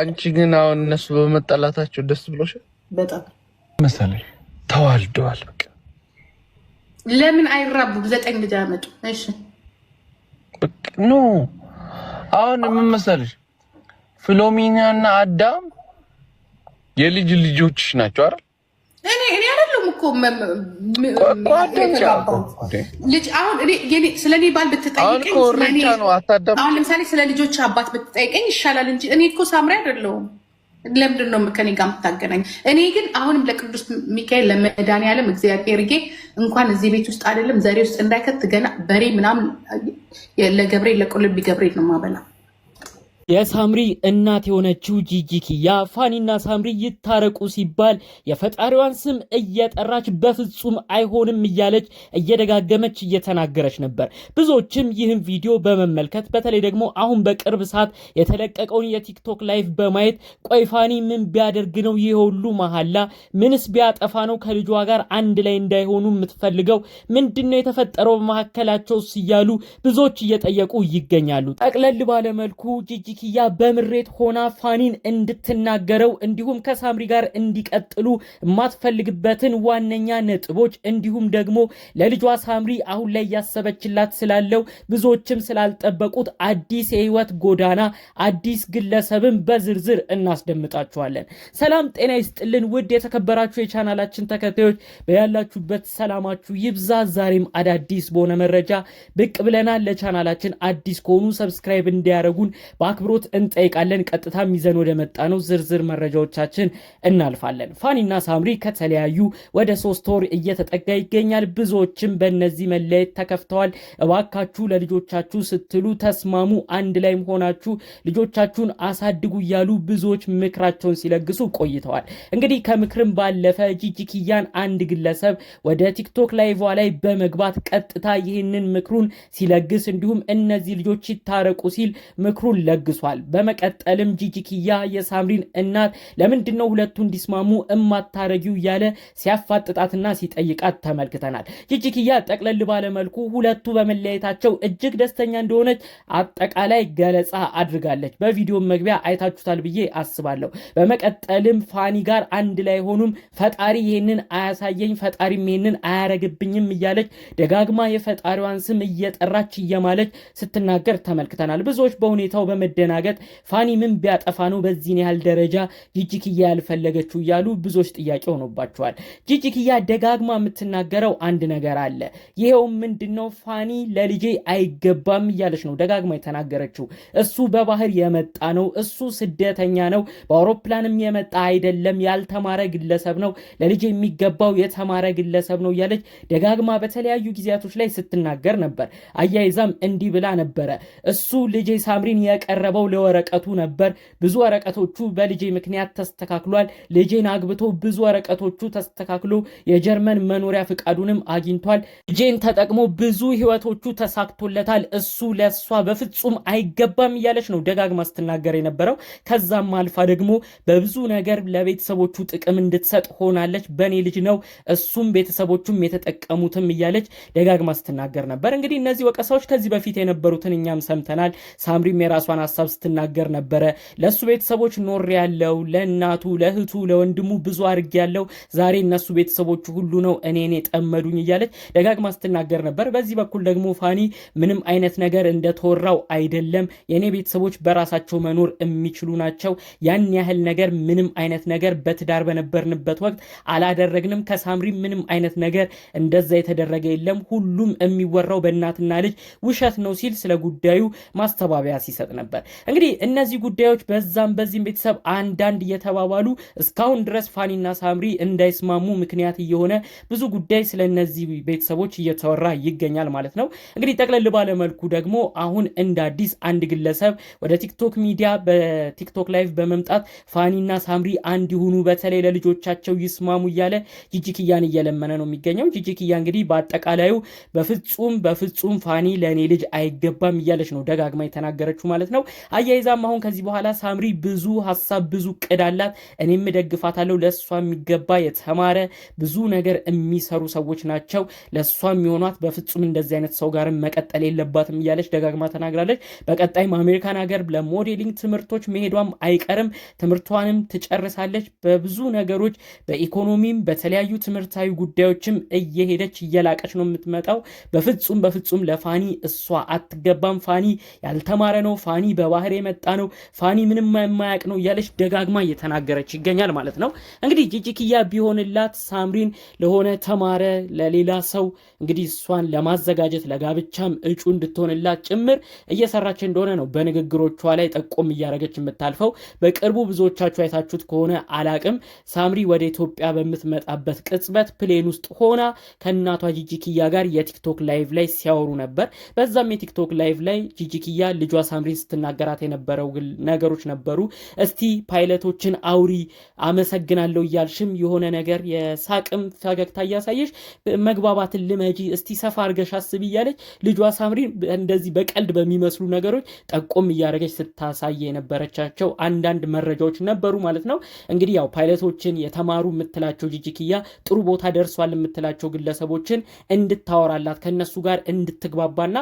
አንቺ ግን አሁን እነሱ በመጣላታቸው ደስ ብሎሻል? በጣም መሰለኝ። ተዋልደዋል። በቃ ለምን አይራቡም? ዘጠኝ ልጅ አመጡ። እሺ ኖ አሁን ምን መሰለሽ፣ ፍሎሚና እና አዳም የልጅ ልጆችሽ ናቸው አይደል? እኔ እኔ አይደለሁም እኮ ልጅ አሁን ስለ እኔ ባል ብትጠይቀኝ አሁን ለምሳሌ ስለ ልጆች አባት ብትጠይቀኝ ይሻላል እንጂ እኔ እኮ ሳምሪ አይደለሁም። ለምንድን ነው ከኔ ጋር የምታገናኝ? እኔ ግን አሁንም ለቅዱስ ሚካኤል ለመድኃኒዓለም እግዚአብሔር ጌ እንኳን እዚህ ቤት ውስጥ አይደለም ዘሬ ውስጥ እንዳይከት ገና በሬ ምናምን ለገብሬ ለቆልቢ ገብሬ ነው የማበላው የሳምሪ እናት የሆነችው ጂጂ ኪያ ፋኒና ሳምሪ ይታረቁ ሲባል የፈጣሪዋን ስም እየጠራች በፍጹም አይሆንም እያለች እየደጋገመች እየተናገረች ነበር። ብዙዎችም ይህን ቪዲዮ በመመልከት በተለይ ደግሞ አሁን በቅርብ ሰዓት የተለቀቀውን የቲክቶክ ላይፍ በማየት ቆይ ፋኒ ምን ቢያደርግ ነው ይህ ሁሉ መሐላ? ምንስ ቢያጠፋ ነው ከልጇ ጋር አንድ ላይ እንዳይሆኑ የምትፈልገው? ምንድን ነው የተፈጠረው በመካከላቸውስ? እያሉ ብዙዎች እየጠየቁ ይገኛሉ። ጠቅለል ባለመልኩ ጂጂ ኪኪያ በምሬት ሆና ፋኒን እንድትናገረው እንዲሁም ከሳምሪ ጋር እንዲቀጥሉ የማትፈልግበትን ዋነኛ ነጥቦች እንዲሁም ደግሞ ለልጇ ሳምሪ አሁን ላይ እያሰበችላት ስላለው ብዙዎችም ስላልጠበቁት አዲስ የህይወት ጎዳና አዲስ ግለሰብን በዝርዝር እናስደምጣችኋለን። ሰላም ጤና ይስጥልን ውድ የተከበራችሁ የቻናላችን ተከታዮች በያላችሁበት ሰላማችሁ ይብዛ። ዛሬም አዳዲስ በሆነ መረጃ ብቅ ብለናል። ለቻናላችን አዲስ ከሆኑ ሰብስክራይብ እንዲያደርጉን በአክብ በአክብሮት እንጠይቃለን። ቀጥታ ይዘን ወደ መጣ ነው ዝርዝር መረጃዎቻችን እናልፋለን። ፋኒና ሳምሪ ከተለያዩ ወደ ሶስት ወር እየተጠጋ ይገኛል። ብዙዎችም በእነዚህ መለየት ተከፍተዋል። እባካችሁ ለልጆቻችሁ ስትሉ ተስማሙ፣ አንድ ላይም ሆናችሁ ልጆቻችሁን አሳድጉ እያሉ ብዙዎች ምክራቸውን ሲለግሱ ቆይተዋል። እንግዲህ ከምክርም ባለፈ ጂጂኪያን አንድ ግለሰብ ወደ ቲክቶክ ላይቫ ላይ በመግባት ቀጥታ ይህንን ምክሩን ሲለግስ እንዲሁም እነዚህ ልጆች ይታረቁ ሲል ምክሩን ለግሱ ቀንሷል። በመቀጠልም ጂጂኪያ የሳምሪን እናት ለምንድን ነው ሁለቱ እንዲስማሙ እማታረጊው እያለ ሲያፋጥጣትና ሲጠይቃት ተመልክተናል። ጂጂኪያ ጠቅለል ባለመልኩ ሁለቱ በመለያየታቸው እጅግ ደስተኛ እንደሆነች አጠቃላይ ገለጻ አድርጋለች። በቪዲዮ መግቢያ አይታችሁታል ብዬ አስባለሁ። በመቀጠልም ፋኒ ጋር አንድ ላይ ሆኑም ፈጣሪ ይህንን አያሳየኝ፣ ፈጣሪም ይህንን አያረግብኝም እያለች ደጋግማ የፈጣሪዋን ስም እየጠራች እየማለች ስትናገር ተመልክተናል። ብዙዎች በሁኔታው በመደ መደናገጥ ፋኒ ምን ቢያጠፋ ነው በዚህን ያህል ደረጃ ጂጂክያ ያልፈለገችው እያሉ ብዙዎች ጥያቄ ሆኖባቸዋል። ጂጂክያ ደጋግማ የምትናገረው አንድ ነገር አለ። ይኸውም ምንድነው ፋኒ ለልጄ አይገባም እያለች ነው ደጋግማ የተናገረችው። እሱ በባህር የመጣ ነው። እሱ ስደተኛ ነው። በአውሮፕላንም የመጣ አይደለም። ያልተማረ ግለሰብ ነው። ለልጄ የሚገባው የተማረ ግለሰብ ነው እያለች ደጋግማ በተለያዩ ጊዜያቶች ላይ ስትናገር ነበር። አያይዛም እንዲህ ብላ ነበረ እሱ ልጄ ሳምሪን የቀረ የቀረበው ለወረቀቱ ነበር። ብዙ ወረቀቶቹ በልጄ ምክንያት ተስተካክሏል። ልጄን አግብቶ ብዙ ወረቀቶቹ ተስተካክሎ የጀርመን መኖሪያ ፍቃዱንም አግኝቷል። ልጄን ተጠቅሞ ብዙ ህይወቶቹ ተሳክቶለታል። እሱ ለእሷ በፍጹም አይገባም እያለች ነው ደጋግማ ስትናገር የነበረው። ከዛም አልፋ ደግሞ በብዙ ነገር ለቤተሰቦቹ ጥቅም እንድትሰጥ ሆናለች። በእኔ ልጅ ነው እሱም ቤተሰቦቹም የተጠቀሙትም እያለች ደጋግማ ስትናገር ነበር። እንግዲህ እነዚህ ወቀሳዎች ከዚህ በፊት የነበሩትን እኛም ሰምተናል። ሳምሪም የራሷን ሀሳብ ስትናገር ነበረ። ለእሱ ቤተሰቦች ኖር ያለው ለእናቱ ለእህቱ ለወንድሙ ብዙ አድርግ ያለው ዛሬ እነሱ ቤተሰቦቹ ሁሉ ነው እኔን የጠመዱኝ እያለች ደጋግማ ስትናገር ነበር። በዚህ በኩል ደግሞ ፋኒ ምንም አይነት ነገር እንደተወራው አይደለም፣ የእኔ ቤተሰቦች በራሳቸው መኖር የሚችሉ ናቸው። ያን ያህል ነገር ምንም አይነት ነገር በትዳር በነበርንበት ወቅት አላደረግንም። ከሳምሪ ምንም አይነት ነገር እንደዛ የተደረገ የለም፣ ሁሉም የሚወራው በእናትና ልጅ ውሸት ነው ሲል ስለ ጉዳዩ ማስተባበያ ሲሰጥ ነበር። እንግዲህ እነዚህ ጉዳዮች በዛም በዚህም ቤተሰብ አንዳንድ እየተባባሉ እስካሁን ድረስ ፋኒና ሳምሪ እንዳይስማሙ ምክንያት እየሆነ ብዙ ጉዳይ ስለ እነዚህ ቤተሰቦች እየተወራ ይገኛል ማለት ነው። እንግዲህ ጠቅለል ባለመልኩ ደግሞ አሁን እንደ አዲስ አንድ ግለሰብ ወደ ቲክቶክ ሚዲያ በቲክቶክ ላይቭ በመምጣት ፋኒና ሳምሪ አንድ ይሁኑ፣ በተለይ ለልጆቻቸው ይስማሙ እያለ ጂጂክያን እየለመነ ነው የሚገኘው። ጂጂክያ እንግዲህ በአጠቃላዩ በፍጹም በፍጹም ፋኒ ለእኔ ልጅ አይገባም እያለች ነው ደጋግማ የተናገረችው ማለት ነው። አያይዛም አሁን ከዚህ በኋላ ሳምሪ ብዙ ሀሳብ ብዙ ቅድ አላት፣ እኔም ደግፋታለሁ። ለእሷ የሚገባ የተማረ ብዙ ነገር የሚሰሩ ሰዎች ናቸው ለእሷ የሚሆኗት። በፍጹም እንደዚህ አይነት ሰው ጋርም መቀጠል የለባትም እያለች ደጋግማ ተናግራለች። በቀጣይም አሜሪካን ሀገር ለሞዴሊንግ ትምህርቶች መሄዷም አይቀርም። ትምህርቷንም ትጨርሳለች። በብዙ ነገሮች በኢኮኖሚም በተለያዩ ትምህርታዊ ጉዳዮችም እየሄደች እየላቀች ነው የምትመጣው። በፍጹም በፍጹም ለፋኒ እሷ አትገባም። ፋኒ ያልተማረ ነው። ፋኒ በ ባህር የመጣ ነው ፋኒ ምንም የማያውቅ ነው እያለች ደጋግማ እየተናገረች ይገኛል ማለት ነው። እንግዲህ ጂጂኪያ ቢሆንላት ሳምሪን ለሆነ ተማረ ለሌላ ሰው እንግዲህ እሷን ለማዘጋጀት ለጋብቻም እጩ እንድትሆንላት ጭምር እየሰራች እንደሆነ ነው በንግግሮቿ ላይ ጠቆም እያደረገች የምታልፈው። በቅርቡ ብዙዎቻችሁ አይታችሁት ከሆነ አላቅም ሳምሪ ወደ ኢትዮጵያ በምትመጣበት ቅጽበት ፕሌን ውስጥ ሆና ከእናቷ ጅጅክያ ጋር የቲክቶክ ላይቭ ላይ ሲያወሩ ነበር። በዛም የቲክቶክ ላይቭ ላይ ጂጂኪያ ልጇ ሳምሪን ስትናገ ሲናገራት የነበረው ነገሮች ነበሩ። እስቲ ፓይለቶችን አውሪ አመሰግናለሁ እያልሽም የሆነ ነገር የሳቅም ፈገግታ እያሳየሽ መግባባትን ልመጂ እስቲ ሰፋ አርገሽ አስቢ እያለች ልጇ ሳምሪን እንደዚህ በቀልድ በሚመስሉ ነገሮች ጠቆም እያደረገች ስታሳየ የነበረቻቸው አንዳንድ መረጃዎች ነበሩ ማለት ነው። እንግዲህ ያው ፓይለቶችን የተማሩ የምትላቸው ጂጂኪያ ጥሩ ቦታ ደርሷል የምትላቸው ግለሰቦችን እንድታወራላት ከነሱ ጋር እንድትግባባና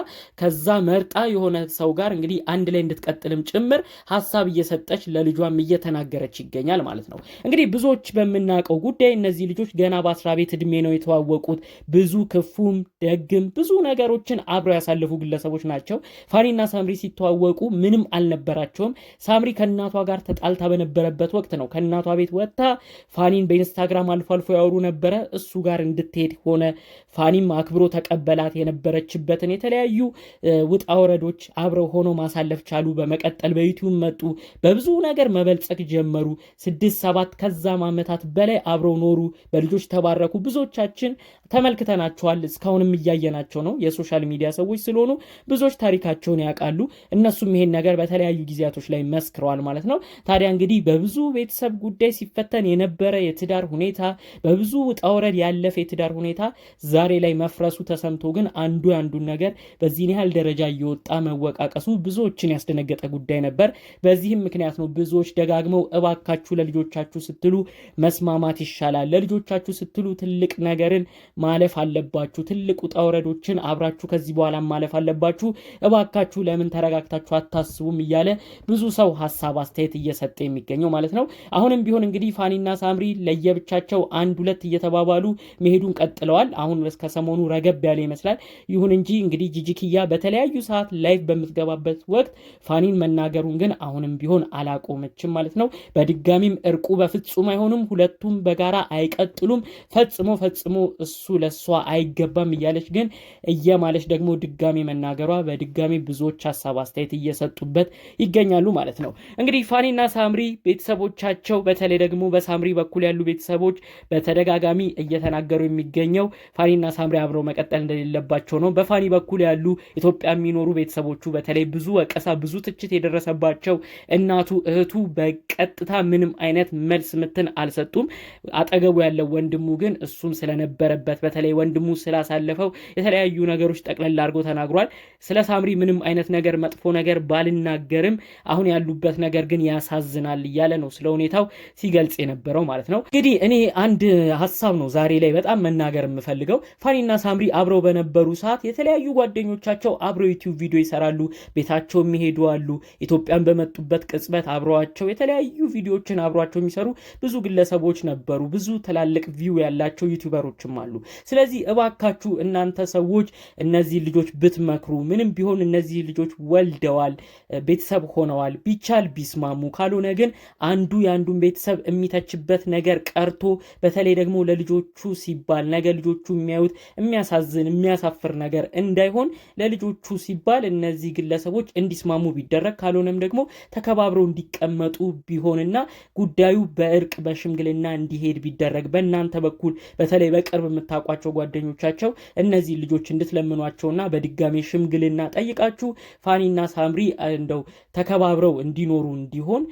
ከዛ መርጣ የሆነ ሰው ጋር እንግዲህ አንድ ላይ እንድት እንድትቀጥልም ጭምር ሀሳብ እየሰጠች ለልጇም እየተናገረች ይገኛል ማለት ነው። እንግዲህ ብዙዎች በምናውቀው ጉዳይ እነዚህ ልጆች ገና በአስራ ቤት እድሜ ነው የተዋወቁት። ብዙ ክፉም ደግም ብዙ ነገሮችን አብረው ያሳለፉ ግለሰቦች ናቸው። ፋኒና ሳምሪ ሲተዋወቁ ምንም አልነበራቸውም። ሳምሪ ከእናቷ ጋር ተጣልታ በነበረበት ወቅት ነው ከእናቷ ቤት ወጥታ ፋኒን በኢንስታግራም አልፎ አልፎ ያወሩ ነበረ። እሱ ጋር እንድትሄድ ሆነ። ፋኒም አክብሮ ተቀበላት። የነበረችበትን የተለያዩ ውጣ ወረዶች አብረው ሆኖ ማሳለፍ ቻሉ። በመቀጠል በዩቲዩብ መጡ። በብዙ ነገር መበልጸግ ጀመሩ። ስድስት ሰባት ከዛም ዓመታት በላይ አብረው ኖሩ። በልጆች ተባረኩ። ብዙዎቻችን ተመልክተናቸዋል። እስካሁንም እያየናቸው ነው። የሶሻል ሚዲያ ሰዎች ስለሆኑ ብዙዎች ታሪካቸውን ያውቃሉ። እነሱም ይሄን ነገር በተለያዩ ጊዜያቶች ላይ መስክረዋል ማለት ነው። ታዲያ እንግዲህ በብዙ ቤተሰብ ጉዳይ ሲፈተን የነበረ የትዳር ሁኔታ በብዙ ውጣ ያለፈ የትዳር ሁኔታ ዛሬ ላይ መፍረሱ ተሰምቶ ግን አንዱ ያንዱን ነገር በዚህን ያህል ደረጃ እየወጣ መወቃቀሱ ብዙዎችን ያስደነግ ያስደነገጠ ጉዳይ ነበር። በዚህም ምክንያት ነው ብዙዎች ደጋግመው እባካችሁ ለልጆቻችሁ ስትሉ መስማማት ይሻላል፣ ለልጆቻችሁ ስትሉ ትልቅ ነገርን ማለፍ አለባችሁ፣ ትልቅ ውጣ ውረዶችን አብራችሁ ከዚህ በኋላ ማለፍ አለባችሁ፣ እባካችሁ ለምን ተረጋግታችሁ አታስቡም እያለ ብዙ ሰው ሀሳብ አስተያየት እየሰጠ የሚገኘው ማለት ነው። አሁንም ቢሆን እንግዲህ ፋኒና ሳምሪ ለየብቻቸው አንድ ሁለት እየተባባሉ መሄዱን ቀጥለዋል። አሁን እስከ ሰሞኑ ረገብ ያለ ይመስላል። ይሁን እንጂ እንግዲህ ጂጂክያ በተለያዩ ሰዓት ላይፍ በምትገባበት ወቅት ፋኒን መናገሩን ግን አሁንም ቢሆን አላቆመችም ማለት ነው። በድጋሚም እርቁ በፍጹም አይሆንም፣ ሁለቱም በጋራ አይቀጥሉም፣ ፈጽሞ ፈጽሞ እሱ ለእሷ አይገባም እያለች ግን እየማለች ደግሞ ድጋሚ መናገሯ በድጋሚ ብዙዎች ሀሳብ አስተያየት እየሰጡበት ይገኛሉ ማለት ነው። እንግዲህ ፋኒና ሳምሪ ቤተሰቦቻቸው በተለይ ደግሞ በሳምሪ በኩል ያሉ ቤተሰቦች በተደጋጋሚ እየተናገሩ የሚገኘው ፋኒና ሳምሪ አብረው መቀጠል እንደሌለባቸው ነው። በፋኒ በኩል ያሉ ኢትዮጵያ የሚኖሩ ቤተሰቦቹ በተለይ ብዙ ወቀሳ፣ ብዙ ብዙ ትችት የደረሰባቸው እናቱ፣ እህቱ በቀጥታ ምንም አይነት መልስ ምትን አልሰጡም። አጠገቡ ያለው ወንድሙ ግን እሱም ስለነበረበት በተለይ ወንድሙ ስላሳለፈው የተለያዩ ነገሮች ጠቅለል አድርጎ ተናግሯል። ስለ ሳምሪ ምንም አይነት ነገር መጥፎ ነገር ባልናገርም አሁን ያሉበት ነገር ግን ያሳዝናል እያለ ነው ስለ ሁኔታው ሲገልጽ የነበረው ማለት ነው። እንግዲህ እኔ አንድ ሀሳብ ነው ዛሬ ላይ በጣም መናገር የምፈልገው ፋኒና ሳምሪ አብረው በነበሩ ሰዓት የተለያዩ ጓደኞቻቸው አብረው ዩቲዩብ ቪዲዮ ይሰራሉ፣ ቤታቸው የሚሄዱ አሉ። ኢትዮጵያን በመጡበት ቅጽበት አብረዋቸው የተለያዩ ቪዲዮዎችን አብረዋቸው የሚሰሩ ብዙ ግለሰቦች ነበሩ። ብዙ ትላልቅ ቪው ያላቸው ዩቲዩበሮችም አሉ። ስለዚህ እባካችሁ እናንተ ሰዎች እነዚህ ልጆች ብትመክሩ፣ ምንም ቢሆን እነዚህ ልጆች ወልደዋል፣ ቤተሰብ ሆነዋል። ቢቻል ቢስማሙ፣ ካልሆነ ግን አንዱ የአንዱን ቤተሰብ የሚተችበት ነገር ቀርቶ በተለይ ደግሞ ለልጆቹ ሲባል ነገ ልጆቹ የሚያዩት የሚያሳዝን የሚያሳፍር ነገር እንዳይሆን ለልጆቹ ሲባል እነዚህ ግለሰቦች እንዲስማሙ ቢደረግ ካልሆነም ደግሞ ተከባብረው እንዲቀመጡ ቢሆንና ጉዳዩ በእርቅ በሽምግልና እንዲሄድ ቢደረግ በእናንተ በኩል በተለይ በቅርብ የምታውቋቸው ጓደኞቻቸው እነዚህ ልጆች እንድትለምኗቸውና በድጋሜ ሽምግልና ጠይቃችሁ ፋኒና ሳምሪ እንደው ተከባብረው እንዲኖሩ እንዲሆን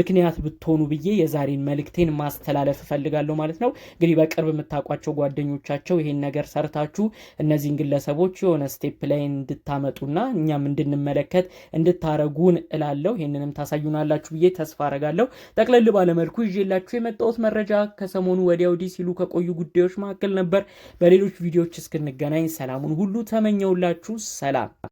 ምክንያት ብትሆኑ ብዬ የዛሬን መልእክቴን ማስተላለፍ እፈልጋለሁ ማለት ነው። እንግዲህ በቅርብ የምታውቋቸው ጓደኞቻቸው ይሄን ነገር ሰርታችሁ እነዚህን ግለሰቦች የሆነ ስቴፕ ላይ እንድታመጡና እኛም እንድንመለከት እንድታ እንድታረጉን እላለሁ። ይህንንም ታሳዩናላችሁ ብዬ ተስፋ አረጋለሁ። ጠቅለል ባለመልኩ ይዤላችሁ የመጣሁት መረጃ ከሰሞኑ ወዲያ ወዲህ ሲሉ ከቆዩ ጉዳዮች መካከል ነበር። በሌሎች ቪዲዮዎች እስክንገናኝ ሰላሙን ሁሉ ተመኘውላችሁ። ሰላም